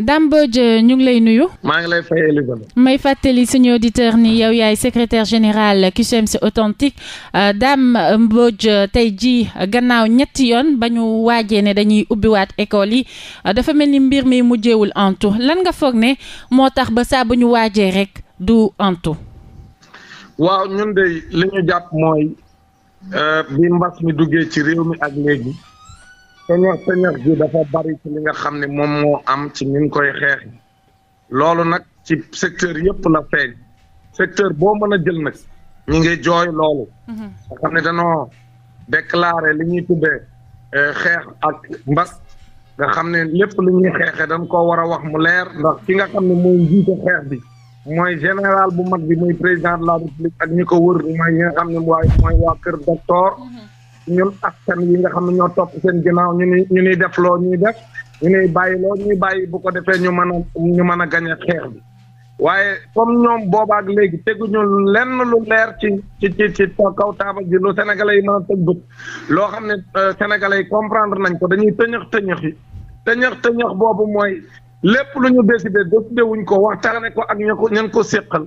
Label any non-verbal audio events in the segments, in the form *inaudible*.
Dame Mbodj euh, ñu ngi lay nuyu. maa may fàttali suñu auditeur ni yow yaay secrétaire général CUSEMS authentique euh, Dame Mbodj tey jii gannaaw ñetti yoon ba ñu waajee ne dañuy ubbiwaat école yi euh, dafa mel ni mbir mi mujjewul antu lan nga foog ne moo tax ba saa bu ñu waajee rek du antu. waaw ñun de li ñu jàpp mooy bi mbas mi duggee ci réew mi ak léegi. soñox soñox ji dafa bari ci li nga xam ne moom moo am ci ñu koy xeex loolu nag ci secteur yëpp la feeñ secteur boo mën a jël nag ñi ngi jooy loolu mhm. nga xam ne danoo déclaré li ñuy tuddee euh, xeex ak mbas nga xam ne lépp li ñuy xeexee dañ koo war a wax mu leer ndax ki nga xam ne mooy njiite xeex bi mooy général bu mag bi muy président de la république ak ñi ko wër mooy ñi nga xam ne kër docteur mhm. ñun askan yi nga xam ne ñoo topp seen ginnaaw ñu ni ñu niy def loo ñuy def ñu niy bàyyi loo ñuy bàyyi bu ko defee ñu mën a ñu mën a gañ xeex bi waaye comme ñoom boobaak léegi teguñu lenn lu leer ci ci ci ci kaw taabal ji lu sénégalais yi mën a tëj bët loo xam ne euh, sénégalais yi comprendre nañ ko dañuy tëñëx tëñëx yi tëñëx tëñëx boobu mooy lépp lu ñu décidé décidé wuñ ko waxtaane ko ak ña ko ñan ko séqal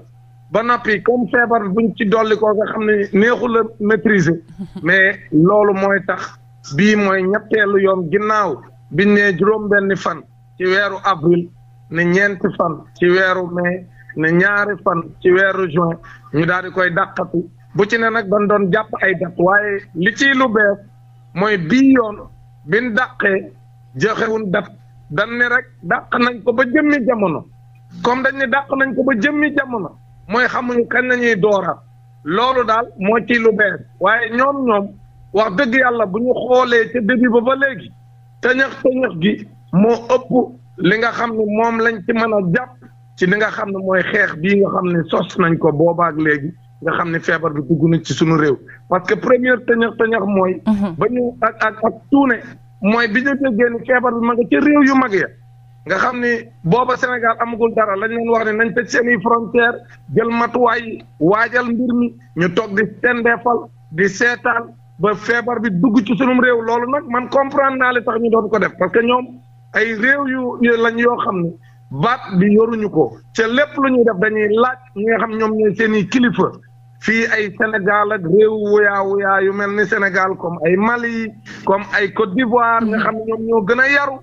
ba noppi comme feebar buñ ci dolli koo nga xam ne neexul la maîtriser *laughs* mais loolu mooy tax bii mooy ñetteelu yoon ginnaaw biñ ne juróom-benni fan ci weeru avril ne ñeenti fan ci weeru mai ne ñaari fan ci weeru juin ñu daal di koy dàqati bu ci ne nag dañ doon jàpp ay dàq waaye li ciy lu bees mooy bii yoon biñ dàqee joxewuñ dat dan ne rek daq nañ ko ba jëmmi jamono comme dañ ne dàq nañ ko ba jëmmi jamono mooy xamuñ kan nañuy doora loolu daal moo ci bees waaye ñoom ñoom wax dëgg yàlla bu ñu xoolee ca début ba léegi tëñëx tëñëx gi moo ëpp li nga xam ne moom lañ ci mën a jàpp ci li nga xam ne mooy xeex bii nga xam ne sos nañ ko boobaak léegi nga xam ne feebar bi dugg na ci suñu réew parce que première tëñëx tëñëx mooy mhm. ba ñu ak ak ak tuune mooy bi ñu déggee ni feebar bi ma ci réew yu mag ya nga xam ni booba Sénégal amagul dara lañ leen wax ne nañ tëj seeni frontière jël matuwaay waajal mbir mi ñu toog di tendeefal di seetaan ba feebar bi dugg ci sunum réew loolu nag man comprendre naa li tax ñu doon ko def parce que ñoom ay réew yu lañ yoo xam ne baat bi yoruñu ko ca lépp lu ñuy def dañuy laaj ñi nga xam ñoom ñooy seeni kilifa fii ay Sénégal ak réew wuyaa yu mel ni Sénégal comme ay Mali comme ay Côte d'Ivoire nga xam ñoom ñoo gën a yaru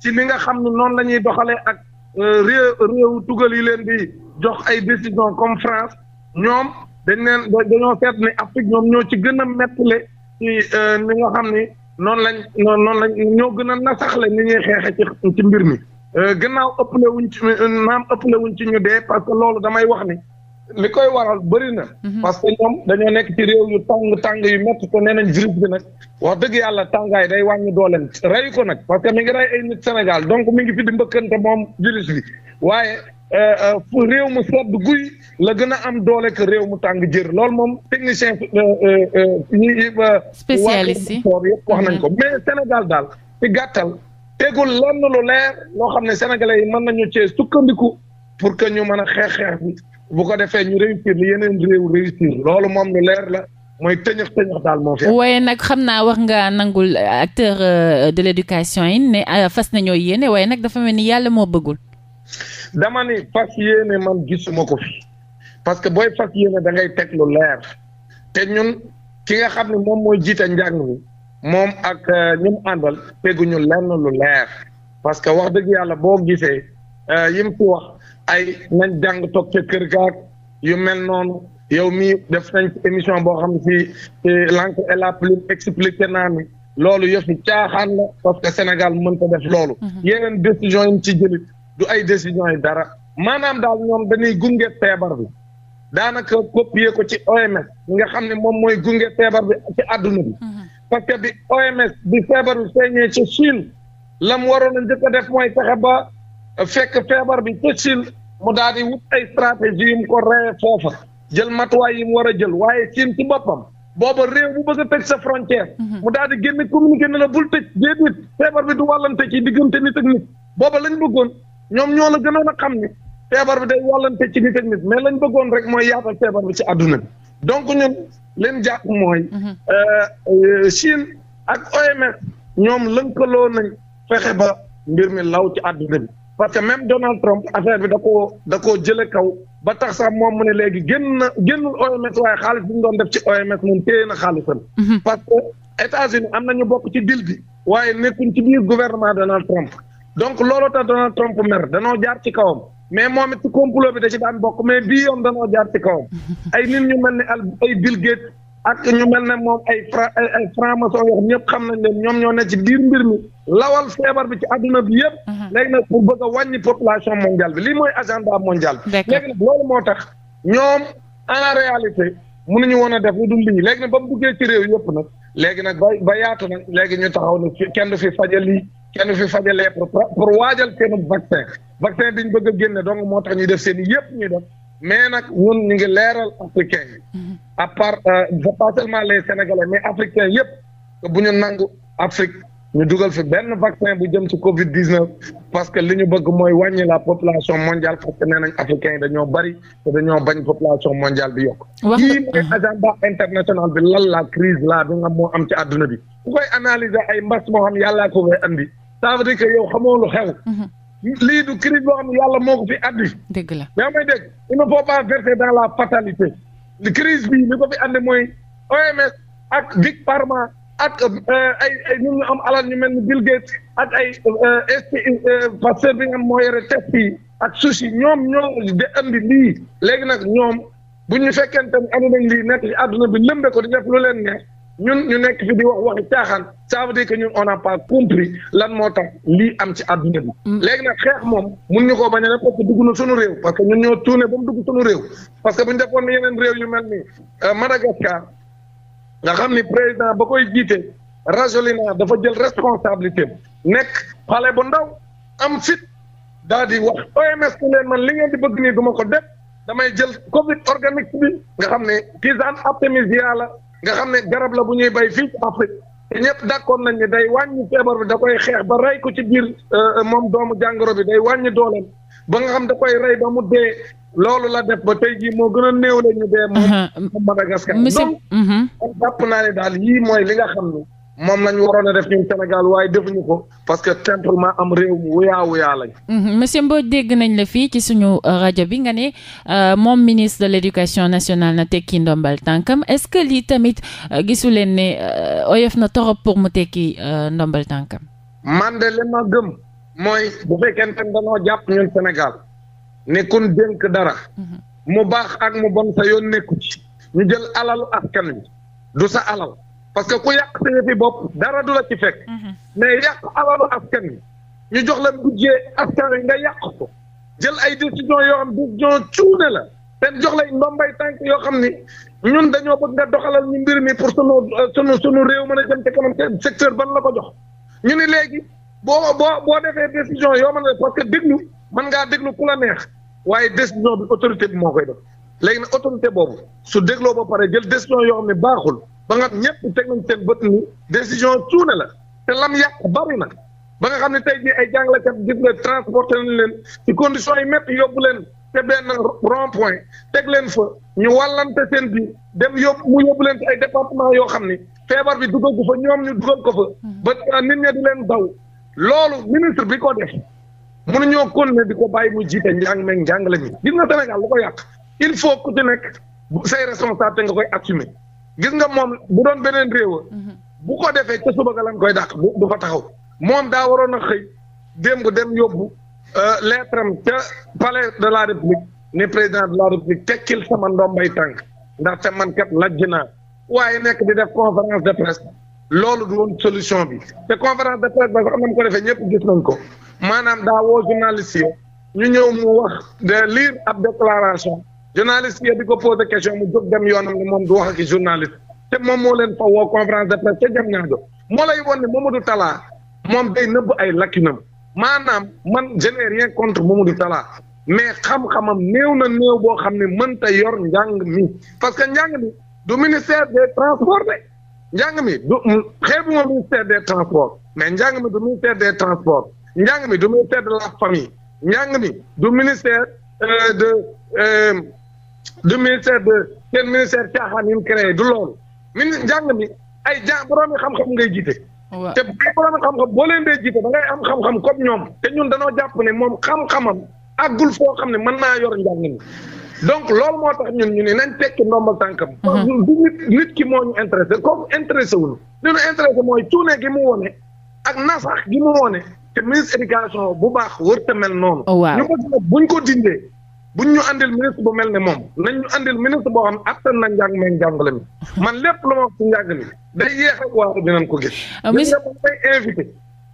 ci li nga xam ne noonu la ñuy doxalee ak euh, réew réewu tugal yi leen di jox ay décision comme France ñoom dañ leen dañoo seet ne Afrique ñoom ñoo ci gën a mettale ci euh, ni nga xam ni noonu lañ noonu lañ ñoo gën a nasaxle ni ñuy xeexe ci ci mbir mi euh, gannaaw ëpp wuñ ci maam ëpple wuñ ci ñu dee parce que loolu damay wax ni li koy waral bëri na. Mhm. parce que ñoom dañoo nekk ci réew yu tàng tàng yu métti ko nee nañ virus bi nag wax dëgg yàlla tàngaay day wàññi dooleem rey ko nag parce que mi ngi rey ay nit Sénégal donc mi ngi fi di mbëkkante moom virus bi waaye euh, euh, réew mu sedd guy la gën a am doole que réew mu tàng jër lool moom technicien euh, ñi spécialiste yi yëpp wax nañ ko mhm. Sénégal daal ci gàttal tegul lenn lu leer loo xam ne sénégalais yi mën nañu cee sukkandiku pour que ñu mën a xeex xeex bi. bu ko defee ñu réussir li yeneen réew réussir loolu moom lu leer la mooy tëñëx tëñëx daal moo fi waaye nag xam naa wax nga nangul euh, acteur euh, de l'éducation yi ne euh, fas nañoo yéene waaye nag dafa mel ni yàlla moo bëggul. dama ni fas yéene man gisuma ko fi parce que booy fas yéene da teg lu leer te ñun ki nga xam ne moom mooy jiite njàng mi moom ak ñi mu àndal teguñu lenn lu leer parce que wax dëgg yàlla boo gisee yi mu fi wax. ay nañ jàng toog kër gaak yu mel noonu yow mii def nañ émission boo xam si l'encre et la plume expliqué naa ni loolu yëf yi caaxaan la parce que Sénégal mën ko def loolu mhm. yeneen décision yi ci jëlit du ay décision yi dara maanaam daal ñoom dañuy gunge feebar bi daanaka copier ko ci OMS mi nga xam ne moom mooy gunge feebar bi ci àdduna bi mhm. parce que bi OMS bi feebar bi feeñee ci Chine la mu waroon a njëkk a def mooy fexe ba fekk feebar bi tësil mu daal di wut ay stratégie yu mu ko ree foofa jël matuwaay yi mu war a jël waaye Chine ci boppam booba réew bu bëgg a tëj sa frontière mhm. mu daal di génn communiqué ne la bul tëj déedéet feebar bi du wallante ci diggante nit ak nit booba lañ bëggoon ñoom ñoo la gënoon a xam ni feebar bi day wàllante ci nit ak nit mais lañ bëggoon rek mooy yaatal feebar bi ci àdduna bi donc ñun leen jàpp mooy Chine mhm. euh, ak OMS ñoom lënkaloo nañ fexe ba mbir mi law ci àdduna parce que même Donald Trump affaire bi da koo da jële kaw ba tax sax moom mu ne léegi génn na génnul OMS waaye xaalis bi mu doon def ci OMS moom téye na xaalisam. Mhm. parce que États-Unis am na ñu bokk ci deal bi waaye nekkuñ ci biir gouvernement Donald Trump donc looloo ta Donald Trump mer danoo jaar ci kawam mais moom it ci complot bi da ci daan bokk mais bii yoon danoo jaar ci kawam. Mhm. ay nit ñu mel ni ay Bill Gates ak ñu mel na moom ay fra ay franc ñëpp xam nañ leen ñoom ñoo ne ci biir mbir mi lawal feebar bi ci àdduna bi yëpp. Mhm. léegi nag pour bëgg a wàññi population mondiale bi lii mooy agenda mondial bi. léegi nag loolu moo tax ñoom en réalité mënuñu woon a def lu dul lii léegi nag ba mu duggee ci réew yëpp nag léegi nag ba ba yaatu nag léegi ñu taxaw ne kenn du fi fajal lii kenn du fi fajalee pour pour waajal seen vaccin vaccin bi ñu bëgg a génne donc moo tax ñuy def seen yëpp ñuy def mais na ñun ñu ngi leeral africain yi. Mhm. à part euh, pas seulement les sénégalais mais africains yëpp bu ñu nangu Afrique ñu dugal fi benn vaccin bu jëm ci Covid 19 parce que li ñu bëgg mooy wàññi la population mondiale parce que nee nañ africains yi dañoo bari te dañoo bañ population mondiale bi yokk. lii mooy agenda international bi lan la crise la bi nga moo am ci àdduna bi. ku koy analyser ay mbas moo xam yàlla ko koy andi ça veut dire que yow xamoo lu xew. Mhm. lii du crise boo xam yàlla moo ko fi andi. dans la fatalité. crise bi li ko fi andi mooy OMS ak Big Pharma ak euh, ay ay ñun am alal ñu mel Bill Gates ak ay euh, euh, Pasteur bi nga moo yore test yi ak suuf si ñoom ñoo de andi lii léegi nag ñoom bu ñu fekkente ne andi nañ lii nekk ci àdduna bi lëmbe ko di def lu leen ne ñun ñu nekk fi di wax waxi caaxaan ça veut dire que ñun on n'a pas compris lan moo tax lii am ci adduna bi. Mm. léegi nag xeex moom mun ñu koo bañ a ne parce que dugg na suñu réew parce que ñun ñoo tuune ba mu dugg suñu réew parce que bu ñu defoon yeneen réew yu mel ni euh, Madagascar nga xam ni président ba koy jiite Rajolina dafa jël responsabilité nekk xale bu ndaw am fit daal di wax OMS ku leen man li ngeen di bëgg nii du ma ko def damay jël Covid organique bi nga xam ne tisane artémisia la. nga xam ne garab la bu ñuy bay fii ci Afrique te ñëpp d'accord nañ ne day wàññi feebar bi da koy xeex ba rey ko ci biir euh, euh, moom doomu jàngoro bi day wàññi dooleem ba nga xam da koy rey ba mu dee loolu la def ba tey jii moo gën a néew la ñu dee. Uh-huh. moom Madagascar donc. Uh-huh. jàpp naa ne daal yii mooy li nga xam ne. moom lañ waroon a def ñun Sénégal waaye ñu ko parce que simplement am réew mu wuyaa wuyaa lañ. Mhm, monsieur Mbodj dégg nañ la fii ci suñu euh, rajo bi nga ne euh, moom ministre de l' éducation nationale na tekki ndombal tànkam est ce que lii tamit euh, gisu leen ne oyof na torop pour mu tekki ndombal tànkam. man de li ma gëm mooy bu fekkente ne dañoo jàpp ñun Sénégal ne kun dara. Mhm. mu baax ak mu bon sa yoon nekku ci. ñu jël alalu askan wi du sa alal. parce que ku yàq te yëfi bopp dara du la ci fekk. Mhm. mais yàq alalu askan wi ñu jox la budget askan wi nga yàq ko jël ay décision yoo xam décision cuune la te jox lay ndombay tànk yoo xam ni ñun dañoo bëgg nga doxalal ñu mbir mi pour sunu euh, sunu sunu réew mën a jëm ci kanam secteur ban la ko jox ñu ni léegi boo boo boo defee décision yoo mën ne def parce que déglu mën ngaa déglu ku la neex waaye décision bi autorité bi moo koy def léegi nag autorité boobu su dégloo ba pare jël décision yoo xam ne baaxul. ba nga ñëpp teg nañ seen bët ni décision suuna la te lam yàq bari na ba nga xam ne tey jii ay jàngalekat gis nga transporté nañ leen ci conditions yi métti yóbbu leen te benn rond point teg leen fa ñu wàllante seen bi dem yóbbu mu yóbbu leen ci ay département yoo xam ni feebar bi dugal ko fa ñoom ñu dugal ko fa ba nit ña di leen daw loolu ministre bi ko def mënuñoo continuer di ko bàyyi mu jiite njàng meeg njàng la ñu gis nga Sénégal lu ko yàq il faut ku ci nekk say responsabilité nga koy assumer gis nga moom bu doon beneen réewa mhm. bu ko defee ca suba ga lañ koy dàq du fa taxaw moom daa waroon a xëy démb dem yóbbu euh, lettre am ca palais de la république ne président de la république tekkil sama ndombay tànk ndaxte man kat lajj naa waaye nekk di def conférence de presse loolu du woon solution bi te conférence de presse ba sax na ko defee ñëpp gis nañ ko maanaam daa woo journaliste yi ñu ñëw mu wax de lire ab déclaration journaliste yi di ko posé question mu jóg dem yoonam ne moom du wax ak journaliste te moom moo leen fa woo conférence de presse jam ñaajo moo lay won ne Mamadou Talla moom day nëbb ay lakinam maanaam man je n'ai rien mu Mamadou Talla mais xam-xamam néew na néew boo xam ne mënta yor njàng mi parce que njàng mi du ministère des transports de njàng mi du mm, xeebuma ministère des transports mais njàng mi du ministère des de la famille njàng mi du ministère euh, de euh, du ministère de seen ministère caaxaan yi mu créé du loolu. min jàng mi ay ja borom xam-xam ngay jiite. te ay borom xam-xam boo leen dee jiite da ngay am xam-xam comme ñoom. te ñun danoo jàpp ne moom xam-xamam àggul foo xam ne man naa yor njàng mi. donc loolu moo tax ñun ñu ne nañ tekki ndombal tànkam. Mhm. du nit nit ki moo ñu intéressé kooku intéressé wul. li ñu intéressé mooy cuune gi mu wone ak nasax gi mu wone te ministre éducation bu baax wër te mel noonu. Oh, ñu ko buñ ko dindee. bu ñu andil ministre bu mel ne moom nañ ñu andil ministre boo xam attan na njàng meeg njàngale mi man lépp lu ma wax njàng mi day yéex ak waaru dinañ ko gis. gis nga moom invité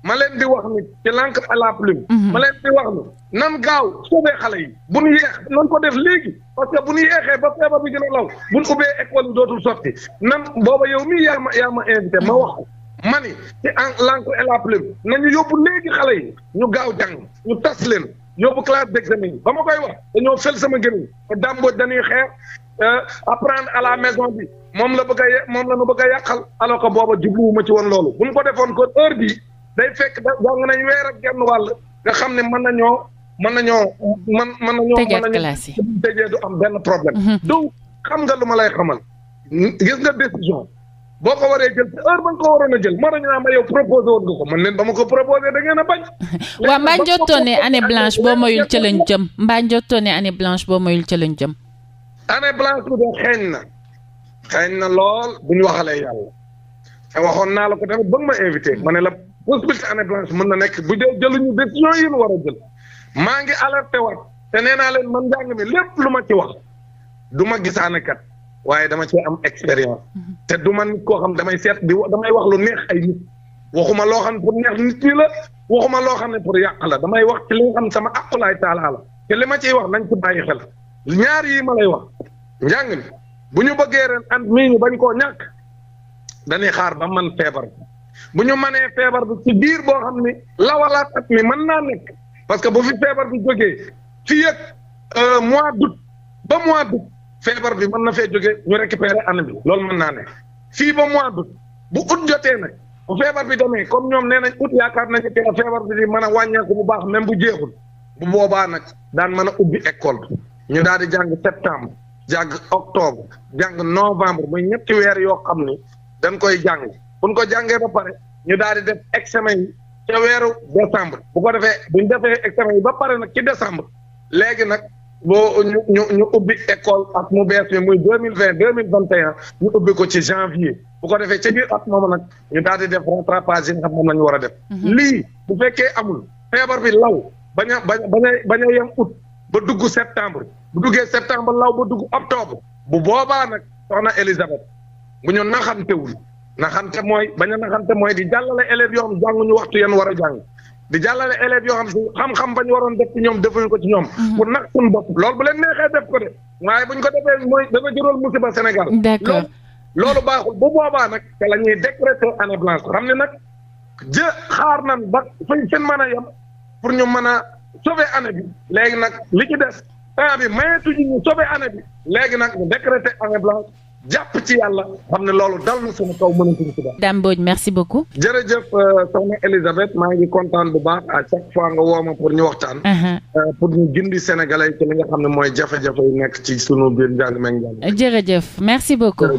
ma leen di wax ni ci l'encre à la mhm. ma leen di wax ni nan gaaw suubee xale yi bu ñu yéex nan ko def léegi parce que bu ñu yéexee ba feebar bi gën a law bu ñu ubbee école bi dootul sotti nan booba yow mii yaa ma yaa ma invité ma wax ko. ma ni ci l'encre à la plume ñu yóbbu léegi xale yi ñu gaaw jàng ñu tas leen. yóbbu classe d'examen yi ba ma koy wax dañoo fel sama gémmiñ Dame Mbodj dañuy xeex euh, apprendre à la maison bi moom la bëgg a moom la ñu bëgg a alors que booba jubluwuma ci woon loolu bu ñu ko defoon ko heure bi day fekk da jàng nañ weer ak genn wàll nga xam ne man nañoo mën nañoo mën mën nañoo mën nañu tëjee du am benn problème mhm. donc xam na lu ma lay xamal gis nga décision boo ko waree jël heure ba nga ko a jël ma yow proposé woon ko man leen ba ma ko proposé da ngeen a bañ. *laughs* waaw mbaa njottoon ne année blanche boo mayul ca lañ jëm mbaa njottoon ne année blanche boo mayul ca lañ jëm. année blanche bi de xeeñ na xeeñ na lool bu ñu waxalee yàlla waxoon naa la ko tamit ba nga ma invité ma ne la possibilité année blanche mën na nekk bu dee jëluñu décision yi ñu war jël maa ngi alerté waat te nee naa leen man njàng mi lépp lu ma ci wax du ma gisaane kat. waaye dama cee am expérience mhm. te du man nit koo xam damay seet di damay wax lu neex ay nit waxuma loo xam ne pour neex nit ñi la waxuma loo xam ne pour yàq la damay wax ci li nga xam sama aqulaay taalaa la te li ma ciy wax nañ ci bàyyi xel ñaar yi ma lay wax njàng mi bu ñu bëggee ren and mii ñu bañ koo ñàkk dañuy xaar ba man feebar bi bu ñu manee feebar bu ci biir boo xam ni lawalaat at mi mën naa nekk parce que bu fi feebar bi jógee fii ak euh, mois d'août ba mois d'août feebar bi mën na fee jóge ñu récupérer année bi loolu mën naa ne fii ba mois d'août bu ut jotee nag bu feebar bi demee comme ñoom nee nañ ut yaakaar nañu te feebar bi di mën a wàññeeku bu baax même bu jeexul bu boobaa nag daan mën a ubbi école ñu daal di jàng septembre jàng octobre jàng novembre muy ñetti weer yoo xam ni dañ koy jàng buñ ko jàngee ba pare ñu daal di def examen yi ca weeru décembre bu ko defee bu buñ defee examen yi ba pare nag ci décembre léegi nag. boo ñu ñu ñu ubbi école ak mu bees mi muy deux mille vingt deux mille vingt et un ñu ubbi ko ci janvier bo ko defee ci biir at moom nag ñu daal di def rattrapage yi nga xam moom la ñu a def. Mhm. lii bu fekkee amul feebar bi law baña bañ a bañ yem août ba dugg septembre bu duggee septembre law ba dugg octobre bu boobaa nag soxna Elisabeth bu ñu naxantewul naxante mooy bañ a naxante mooy di jàllale élèves yoom ñu waxtu yeen war a jàng. di jàllale élèves yoo xam si xam-xam bañ waroon def ci ñoom defuñu ko ci ñoom. Mhm. pour nag suñu bopp loolu bu leen neexee def ko de waaye buñ ko defee mooy dafa jural musiba Sénégal. d'accord loolu baaxul bu boobaa nag te la ñuy décréter année blanche xam ne nag jë xaar nan ba fuñ seen mën a yem pour ñu mën a sauver année bi léegi nag li ci des temps bi mayeetuñu ñu sauver année bi léegi nag ñu décréter année jàpp ci yàlla xam ne loolu dal na sama kaw mënatuñ ci dara. Dame Mbodj merci beaucoup. jërëjëf euh, soxna Elisabeth maa ngi kontaan bu baax à chaque fois nga woo pour ñu waxtaan. Uh-huh. Euh, pour ñu gindi Sénégalais ci li nga xam ne mooy jafe-jafe yi nekk ci sunu biir njàng meeg njàng. jërëjëf merci beaucoup.